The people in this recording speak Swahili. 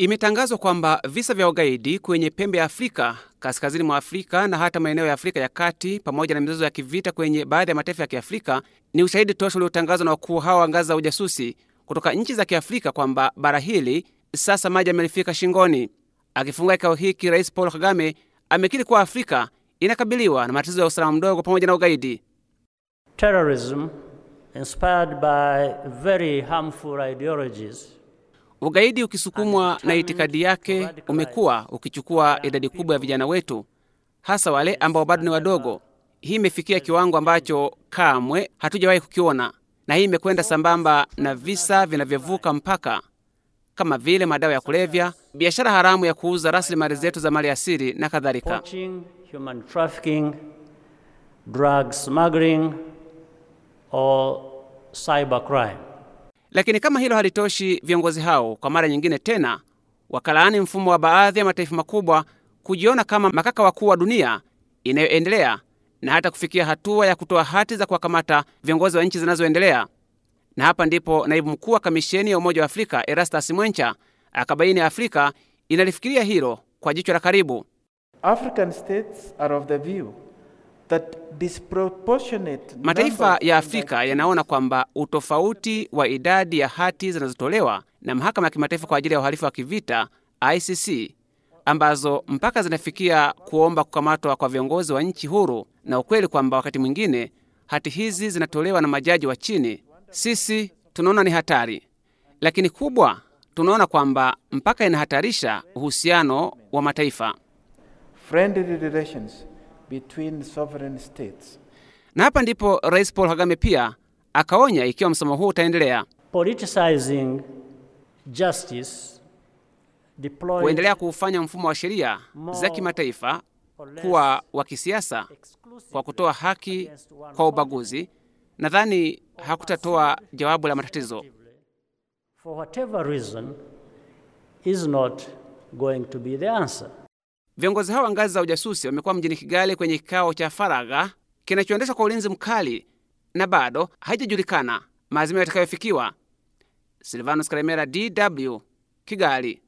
Imetangazwa kwamba visa vya ugaidi kwenye pembe ya Afrika, kaskazini mwa Afrika na hata maeneo ya Afrika ya kati, pamoja na mizozo ya kivita kwenye baadhi ya mataifa ya Kiafrika ni ushahidi tosha uliotangazwa na wakuu hawa wa ngazi za ujasusi kutoka nchi za Kiafrika kwamba bara hili sasa maji yamelifika shingoni. Akifunga kikao hiki, Rais Paul Kagame amekiri kuwa Afrika inakabiliwa na matatizo ya usalama mdogo pamoja na ugaidi. Terrorism inspired by very harmful ideologies Ugaidi ukisukumwa na itikadi yake umekuwa ukichukua idadi kubwa ya vijana wetu, hasa wale ambao bado ni wadogo. Hii imefikia kiwango ambacho kamwe hatujawahi kukiona, na hii imekwenda sambamba na visa vinavyovuka mpaka kama vile madawa ya kulevya, biashara haramu ya kuuza rasilimali zetu za mali asili na kadhalika. Drug smuggling or cybercrime. Lakini kama hilo halitoshi, viongozi hao kwa mara nyingine tena wakalaani mfumo wa baadhi ya mataifa makubwa kujiona kama makaka wakuu wa dunia inayoendelea na hata kufikia hatua ya kutoa hati za kuwakamata viongozi wa nchi zinazoendelea. Na hapa ndipo naibu mkuu wa kamisheni ya Umoja wa Afrika Erastus Mwencha akabaini Afrika inalifikiria hilo kwa jicho la karibu. African states are of the view Mataifa ya Afrika yanaona kwamba utofauti wa idadi ya hati zinazotolewa na mahakama ya kimataifa kwa ajili ya uhalifu wa kivita ICC, ambazo mpaka zinafikia kuomba kukamatwa kwa viongozi wa nchi huru, na ukweli kwamba wakati mwingine hati hizi zinatolewa na majaji wa chini, sisi tunaona ni hatari, lakini kubwa tunaona kwamba mpaka inahatarisha uhusiano wa mataifa Friendly relations between sovereign states. Na hapa ndipo Rais Paul Kagame pia akaonya ikiwa msomo huu utaendelea politicizing justice kuendelea kuufanya mfumo wa sheria za kimataifa kuwa wa kisiasa kwa kutoa haki kwa ubaguzi, nadhani hakutatoa jawabu la matatizo. For whatever reason is not going to be the answer. Viongozi hao wa ngazi za ujasusi wamekuwa mjini Kigali kwenye kikao cha faragha kinachoendeshwa kwa ulinzi mkali na bado haijajulikana maazimio yatakayofikiwa. Silvanus caremera DW, Kigali.